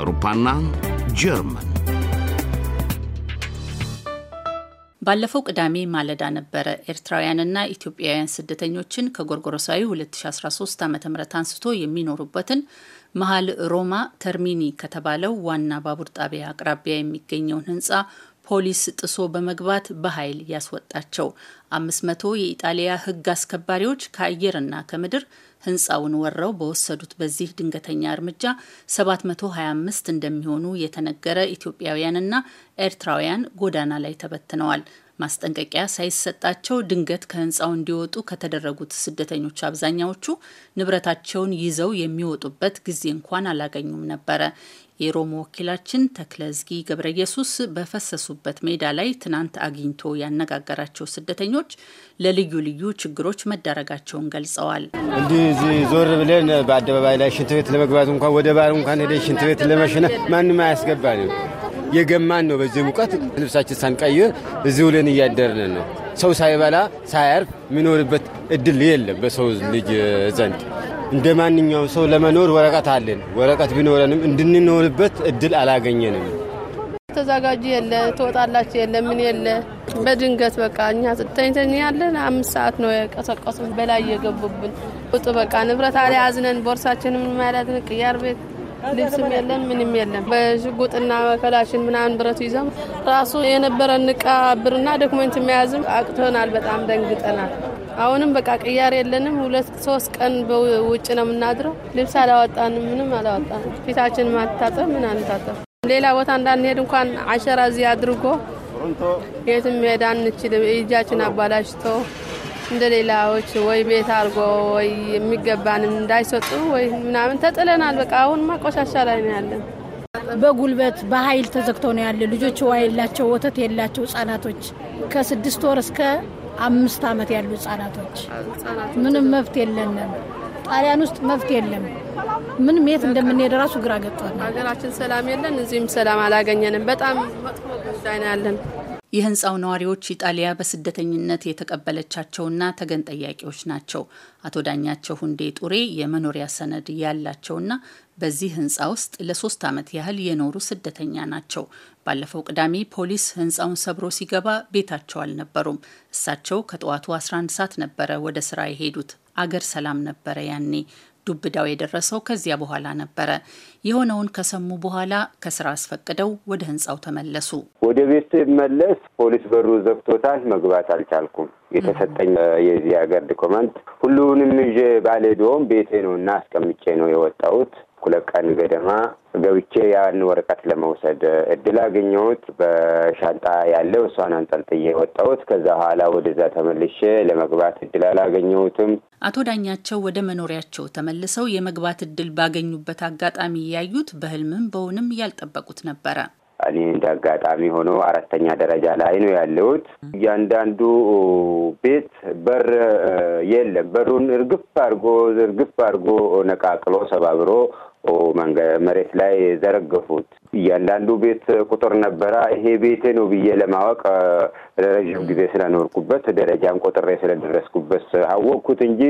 አውሮፓና ጀርመን ባለፈው ቅዳሜ ማለዳ ነበረ ኤርትራውያንና ኢትዮጵያውያን ስደተኞችን ከጎርጎሮሳዊ 2013 ዓ ም አንስቶ የሚኖሩበትን መሀል ሮማ ተርሚኒ ከተባለው ዋና ባቡር ጣቢያ አቅራቢያ የሚገኘውን ህንፃ ፖሊስ ጥሶ በመግባት በኃይል ያስወጣቸው። አምስት መቶ የኢጣሊያ ህግ አስከባሪዎች ከአየርና ከምድር ህንፃውን ወረው በወሰዱት በዚህ ድንገተኛ እርምጃ 725 እንደሚሆኑ የተነገረ ኢትዮጵያውያንና ኤርትራውያን ጎዳና ላይ ተበትነዋል። ማስጠንቀቂያ ሳይሰጣቸው ድንገት ከህንፃው እንዲወጡ ከተደረጉት ስደተኞች አብዛኛዎቹ ንብረታቸውን ይዘው የሚወጡበት ጊዜ እንኳን አላገኙም ነበረ። የሮም ወኪላችን ተክለዝጊ ገብረ ኢየሱስ በፈሰሱበት ሜዳ ላይ ትናንት አግኝቶ ያነጋገራቸው ስደተኞች ሰራተኞች ለልዩ ልዩ ችግሮች መዳረጋቸውን ገልጸዋል። እንዲህ እዚህ ዞር ብለን በአደባባይ ላይ ሽንት ቤት ለመግባት እንኳን ወደ ባህር እንኳን ሄደ ሽንት ቤት ለመሸና ማንም አያስገባንም። የገማን ነው። በዚህ ሙቀት ልብሳችን ሳንቀይር እዚህ ውለን እያደርን ነው። ሰው ሳይበላ ሳያርፍ የሚኖርበት እድል የለም በሰው ልጅ ዘንድ እንደ ማንኛውም ሰው ለመኖር ወረቀት አለን። ወረቀት ቢኖረንም እንድንኖርበት እድል አላገኘንም። ተዘጋጁ የለ ትወጣላችሁ የለ ምን የለ በድንገት በቃ እኛ ተኝተን ያለን አምስት ሰዓት ነው የቀሰቀሱ በላይ የገቡብን። ውጡ በቃ ንብረት አልያዝነን ቦርሳችንም ማለት ቅያር ቤት ልብስም የለን ምንም የለም። በሽጉጥና መከላሽን ምናምን ብረቱ ይዘም ራሱ የነበረን እቃ ብርና ዶክመንት መያዝም አቅቶናል። በጣም ደንግጠናል። አሁንም በቃ ቅያር የለንም። ሁለት ሶስት ቀን በውጭ ነው የምናድረው። ልብስ አላወጣንም፣ ምንም አላወጣንም። ፊታችን ማታጠብ ምን አንታጠብ ሌላ ቦታ እንዳንሄድ እንኳን አሸራ እዚህ አድርጎ የትም ሄዳ እንችልም። እጃችን አባላሽቶ እንደ ሌላዎች ወይ ቤት አድርጎ ወይ የሚገባንም እንዳይሰጡ ወይ ምናምን ተጥለናል። በቃ አሁንማ ቆሻሻ ላይ ነው ያለን። በጉልበት በኃይል ተዘግተው ነው ያለ። ልጆች ውሃ የላቸው፣ ወተት የላቸው። ህጻናቶች ከስድስት ወር እስከ አምስት ዓመት ያሉ ህጻናቶች ምንም መብት የለንም። ጣሊያን ውስጥ መብት የለም። ምን የት እንደምንሄድ ራሱ ግራ ገጥቷል። ሀገራችን ሰላም የለን፣ እዚህም ሰላም አላገኘንም። በጣም መጥፎ ጉዳይ ነው ያለን። የህንፃው ነዋሪዎች ኢጣሊያ በስደተኝነት የተቀበለቻቸውና ተገን ጠያቂዎች ናቸው። አቶ ዳኛቸው ሁንዴ ጡሬ የመኖሪያ ሰነድ ያላቸውና በዚህ ህንፃ ውስጥ ለሶስት ዓመት ያህል የኖሩ ስደተኛ ናቸው። ባለፈው ቅዳሜ ፖሊስ ህንፃውን ሰብሮ ሲገባ ቤታቸው አልነበሩም። እሳቸው ከጠዋቱ 11 ሰዓት ነበረ ወደ ስራ የሄዱት። አገር ሰላም ነበረ ያኔ። ዱብዳው የደረሰው ከዚያ በኋላ ነበረ። የሆነውን ከሰሙ በኋላ ከስራ አስፈቅደው ወደ ህንፃው ተመለሱ። ወደ ቤት መለስ ፖሊስ በሩ ዘግቶታል። መግባት አልቻልኩም። የተሰጠኝ የዚህ ሀገር ዶክመንት ሁሉንም ይዤ ባልሄድም ቤቴ ነው እና አስቀምጬ ነው የወጣሁት። ሁለት ቀን ገደማ ገብቼ ያን ወረቀት ለመውሰድ እድል አገኘሁት። በሻንጣ ያለው እሷን አንጠልጥዬ ወጣሁት። ከዛ በኋላ ወደዛ ተመልሼ ለመግባት እድል አላገኘሁትም። አቶ ዳኛቸው ወደ መኖሪያቸው ተመልሰው የመግባት እድል ባገኙበት አጋጣሚ ያዩት በህልምም በውንም ያልጠበቁት ነበረ። እኔ እንደ አጋጣሚ ሆኖ አራተኛ ደረጃ ላይ ነው ያለሁት። እያንዳንዱ ቤት በር የለም። በሩን እርግፍ አድርጎ እርግፍ አድርጎ ነቃቅሎ ሰባብሮ መሬት ላይ ዘረገፉት። እያንዳንዱ ቤት ቁጥር ነበረ። ይሄ ቤቴ ነው ብዬ ለማወቅ ረዥም ጊዜ ስለኖርኩበት ደረጃም ቆጥሬ ስለደረስኩበት አወቅኩት እንጂ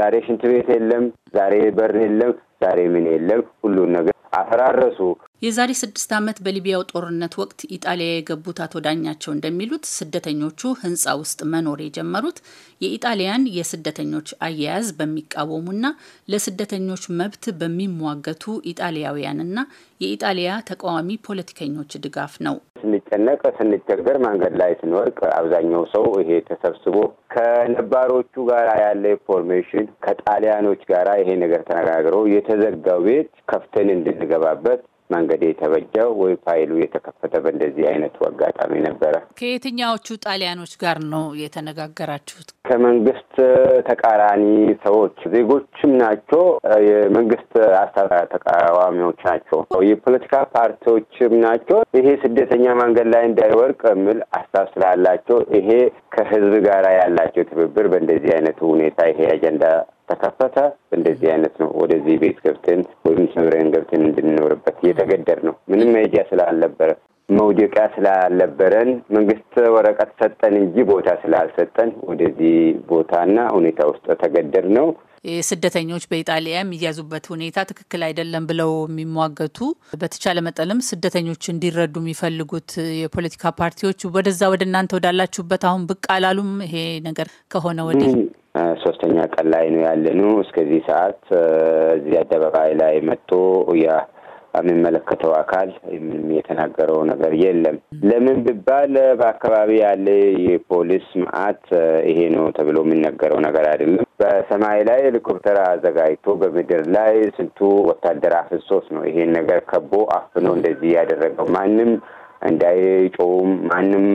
ዛሬ ሽንት ቤት የለም፣ ዛሬ በር የለም፣ ዛሬ ምን የለም። ሁሉን ነገር አፈራረሱ። የዛሬ ስድስት ዓመት በሊቢያው ጦርነት ወቅት ኢጣሊያ የገቡት አቶ ዳኛቸው እንደሚሉት ስደተኞቹ ህንፃ ውስጥ መኖር የጀመሩት የኢጣሊያን የስደተኞች አያያዝ በሚቃወሙና ለስደተኞች መብት በሚሟገቱ ኢጣሊያውያንና የኢጣሊያ ተቃዋሚ ፖለቲከኞች ድጋፍ ነው። ስንጨነቅ ስንቸገር መንገድ ላይ ስንወርቅ አብዛኛው ሰው ይሄ ተሰብስቦ ከነባሮቹ ጋር ያለ ኢንፎርሜሽን ከጣሊያኖች ጋር ይሄ ነገር ተነጋግረው የተዘጋው ቤት ከፍተን እንድንገባበት መንገድ የተበጀው ወይ ፋይሉ የተከፈተ በእንደዚህ አይነቱ አጋጣሚ ነበረ። ከየትኛዎቹ ጣሊያኖች ጋር ነው የተነጋገራችሁት? ከመንግስት ተቃራኒ ሰዎች ዜጎችም ናቸው፣ የመንግስት አስታ ተቃዋሚዎች ናቸው፣ የፖለቲካ ፓርቲዎችም ናቸው። ይሄ ስደተኛ መንገድ ላይ እንዳይወርቅ የሚል አስታብ ስላላቸው ይሄ ከህዝብ ጋር ያላቸው ትብብር በእንደዚህ አይነቱ ሁኔታ ይሄ አጀንዳ ተከፈተ። እንደዚህ አይነት ነው ወደዚህ ቤት ገብተን ወይም ሰብረን ገብተን እንድንኖርበት እየተገደር ነው። ምንም መሄጃ ስላልነበረ መውደቂያ ስላልነበረን መንግስት ወረቀት ሰጠን እንጂ ቦታ ስላልሰጠን ወደዚህ ቦታና ሁኔታ ውስጥ ተገደር ነው። ስደተኞች በኢጣሊያ የሚያዙበት ሁኔታ ትክክል አይደለም ብለው የሚሟገቱ በተቻለ መጠንም ስደተኞች እንዲረዱ የሚፈልጉት የፖለቲካ ፓርቲዎች ወደዛ ወደ እናንተ ወዳላችሁበት አሁን ብቅ አላሉም? ይሄ ነገር ከሆነ ወዲህ ሶስተኛ ቀን ላይ ነው ያለነው። እስከዚህ ሰዓት እዚህ አደባባይ ላይ መጥቶ ያ የሚመለከተው አካል ምንም የተናገረው ነገር የለም። ለምን ቢባል በአካባቢ ያለ የፖሊስ መዓት ይሄ ነው ተብሎ የሚነገረው ነገር አይደለም። በሰማይ ላይ ሄሊኮፕተር አዘጋጅቶ በምድር ላይ ስንቱ ወታደር አፍሶስ ነው ይሄን ነገር ከቦ አፍኖ እንደዚህ ያደረገው። ማንም እንዳይጮውም ማንም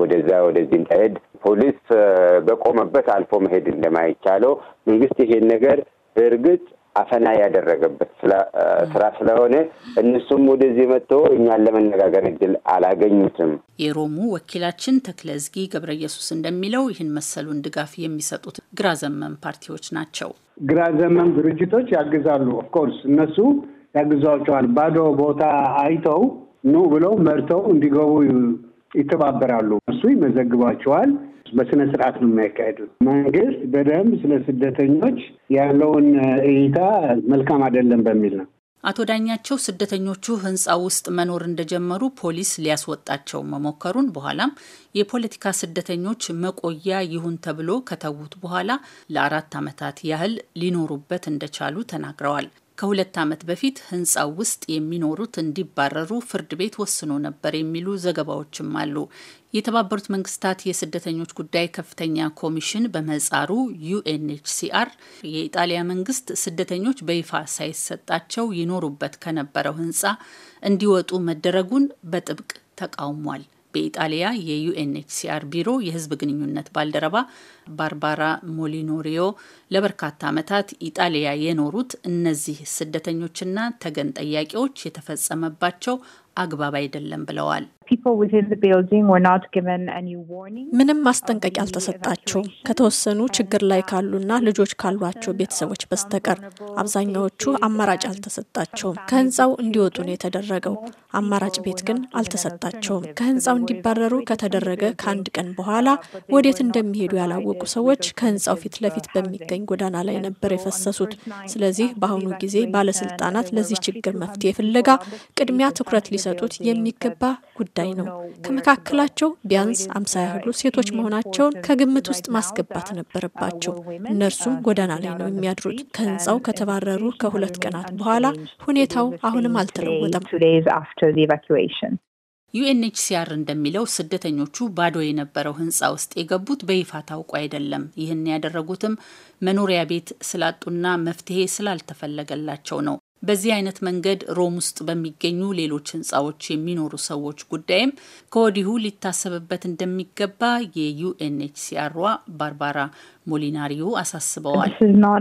ወደዛ ወደዚህ እንዳይሄድ ፖሊስ በቆመበት አልፎ መሄድ እንደማይቻለው መንግስት ይሄን ነገር በእርግጥ አፈና ያደረገበት ስራ ስለሆነ እነሱም ወደዚህ መጥቶ እኛን ለመነጋገር እድል አላገኙትም። የሮሙ ወኪላችን ተክለዝጊ ገብረ ኢየሱስ እንደሚለው ይህን መሰሉን ድጋፍ የሚሰጡት ግራ ዘመም ፓርቲዎች ናቸው። ግራ ዘመም ድርጅቶች ያግዛሉ። ኦፍኮርስ እነሱ ያግዟቸዋል። ባዶ ቦታ አይተው ኑ ብለው መርተው እንዲገቡ ይተባበራሉ። እሱ ይመዘግባቸዋል። በስነ ስርዓት ነው የሚያካሄዱት። መንግስት በደንብ ስለ ስደተኞች ያለውን እይታ መልካም አይደለም በሚል ነው። አቶ ዳኛቸው ስደተኞቹ ህንፃ ውስጥ መኖር እንደጀመሩ ፖሊስ ሊያስወጣቸው መሞከሩን በኋላም የፖለቲካ ስደተኞች መቆያ ይሁን ተብሎ ከተዉት በኋላ ለአራት ዓመታት ያህል ሊኖሩበት እንደቻሉ ተናግረዋል። ከሁለት ዓመት በፊት ህንፃው ውስጥ የሚኖሩት እንዲባረሩ ፍርድ ቤት ወስኖ ነበር የሚሉ ዘገባዎችም አሉ። የተባበሩት መንግስታት የስደተኞች ጉዳይ ከፍተኛ ኮሚሽን በመጻሩ ዩኤንኤችሲአር የኢጣሊያ መንግስት ስደተኞች በይፋ ሳይሰጣቸው ይኖሩበት ከነበረው ህንፃ እንዲወጡ መደረጉን በጥብቅ ተቃውሟል። በኢጣሊያ የዩኤንኤችሲአር ቢሮ የህዝብ ግንኙነት ባልደረባ ባርባራ ሞሊኖሪዮ ለበርካታ ዓመታት ኢጣሊያ የኖሩት እነዚህ ስደተኞችና ተገን ጠያቂዎች የተፈጸመባቸው አግባብ አይደለም ብለዋል። ምንም ማስጠንቀቂያ አልተሰጣቸውም ከተወሰኑ ችግር ላይ ካሉና ልጆች ካሏቸው ቤተሰቦች በስተቀር አብዛኛዎቹ አማራጭ አልተሰጣቸውም። ከህንፃው እንዲወጡ ነው የተደረገው። አማራጭ ቤት ግን አልተሰጣቸውም። ከህንፃው እንዲባረሩ ከተደረገ ከአንድ ቀን በኋላ ወዴት እንደሚሄዱ ያላወቁ ሰዎች ከህንፃው ፊት ለፊት በሚገኝ ጎዳና ላይ ነበር የፈሰሱት። ስለዚህ በአሁኑ ጊዜ ባለስልጣናት ለዚህ ችግር መፍትሄ ፍለጋ ቅድሚያ ትኩረት ሊ ሊሰጡት የሚገባ ጉዳይ ነው። ከመካከላቸው ቢያንስ አምሳ ያህሉ ሴቶች መሆናቸውን ከግምት ውስጥ ማስገባት ነበረባቸው። እነርሱም ጎዳና ላይ ነው የሚያድሩት። ከህንፃው ከተባረሩ ከሁለት ቀናት በኋላ ሁኔታው አሁንም አልተለወጠም። ዩኤንኤችሲአር እንደሚለው ስደተኞቹ ባዶ የነበረው ህንፃ ውስጥ የገቡት በይፋ ታውቁ አይደለም። ይህን ያደረጉትም መኖሪያ ቤት ስላጡና መፍትሄ ስላልተፈለገላቸው ነው። በዚህ አይነት መንገድ ሮም ውስጥ በሚገኙ ሌሎች ህንፃዎች የሚኖሩ ሰዎች ጉዳይም ከወዲሁ ሊታሰብበት እንደሚገባ የዩኤንኤችሲአሯ ባርባራ ሞሊናሪዮ አሳስበዋል። uh,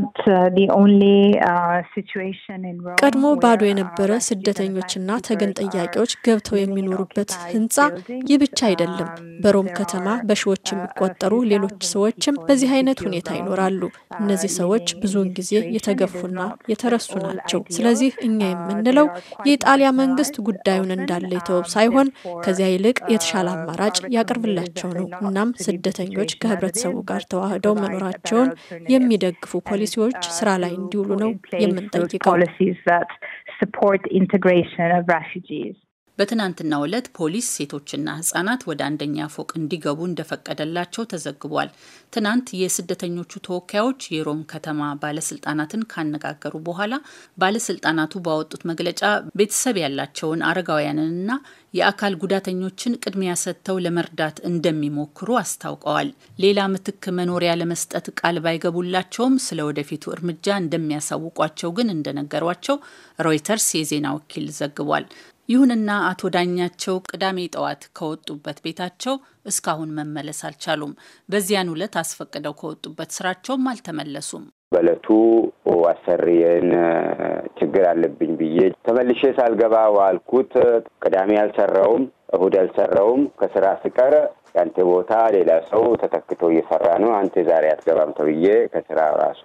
uh, ቀድሞ ባዶ uh, የነበረ ስደተኞችና ተገን ጠያቂዎች ገብተው የሚኖሩበት ህንፃ ይህ ብቻ አይደለም። um, በሮም ከተማ በሺዎች የሚቆጠሩ ሌሎች ሰዎችም በዚህ አይነት ሁኔታ ይኖራሉ። እነዚህ ሰዎች ብዙውን ጊዜ የተገፉና የተረሱ ናቸው። ስለዚህ እኛ የምንለው የኢጣሊያ መንግስት ጉዳዩን እንዳለ የተወብ ሳይሆን ከዚያ ይልቅ የተሻለ አማራጭ ያቀርብላቸው ነው። እናም ስደተኞች ከህብረተሰቡ ጋር ተዋህደው መኖራቸውን የሚደግፉ ፖሊሲዎች ስራ ላይ እንዲውሉ ነው የምንጠይቀው። በትናንትናው ዕለት ፖሊስ ሴቶችና ህጻናት ወደ አንደኛ ፎቅ እንዲገቡ እንደፈቀደላቸው ተዘግቧል። ትናንት የስደተኞቹ ተወካዮች የሮም ከተማ ባለስልጣናትን ካነጋገሩ በኋላ ባለስልጣናቱ ባወጡት መግለጫ ቤተሰብ ያላቸውን አረጋውያንንና የአካል ጉዳተኞችን ቅድሚያ ሰጥተው ለመርዳት እንደሚሞክሩ አስታውቀዋል። ሌላ ምትክ መኖሪያ ለመስጠት ቃል ባይገቡላቸውም ስለ ወደፊቱ እርምጃ እንደሚያሳውቋቸው ግን እንደነገሯቸው ሮይተርስ የዜና ወኪል ዘግቧል። ይሁንና አቶ ዳኛቸው ቅዳሜ ጠዋት ከወጡበት ቤታቸው እስካሁን መመለስ አልቻሉም። በዚያን ዕለት አስፈቅደው ከወጡበት ስራቸውም አልተመለሱም። በእለቱ አሰሪዬን ችግር አለብኝ ብዬ ተመልሼ ሳልገባ ዋልኩት። ቅዳሜ አልሰራውም። እሁድ አልሰራውም ከስራ ስቀር ያንተ ቦታ ሌላ ሰው ተተክቶ እየሰራ ነው፣ አንተ ዛሬ አትገባም ተብዬ ከስራ ራሱ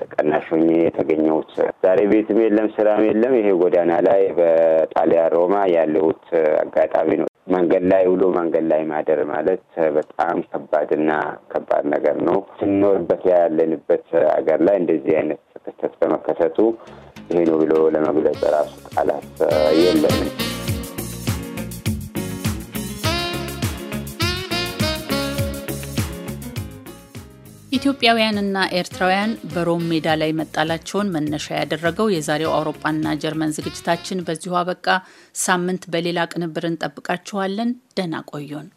ተቀናሽ የተገኘሁት ዛሬ ቤትም የለም ስራም የለም። ይሄ ጎዳና ላይ በጣሊያን ሮማ ያለሁት አጋጣሚ ነው። መንገድ ላይ ውሎ መንገድ ላይ ማደር ማለት በጣም ከባድና ከባድ ነገር ነው። ስንኖርበት ያለንበት ሀገር ላይ እንደዚህ አይነት ክስተት በመከሰቱ ይሄ ነው ብሎ ለመግለጽ ራሱ ቃላት የለም። ኢትዮጵያውያንና ኤርትራውያን በሮም ሜዳ ላይ መጣላቸውን መነሻ ያደረገው የዛሬው አውሮፓና ጀርመን ዝግጅታችን በዚሁ አበቃ። ሳምንት በሌላ ቅንብር እንጠብቃችኋለን። ደህና ቆዩን።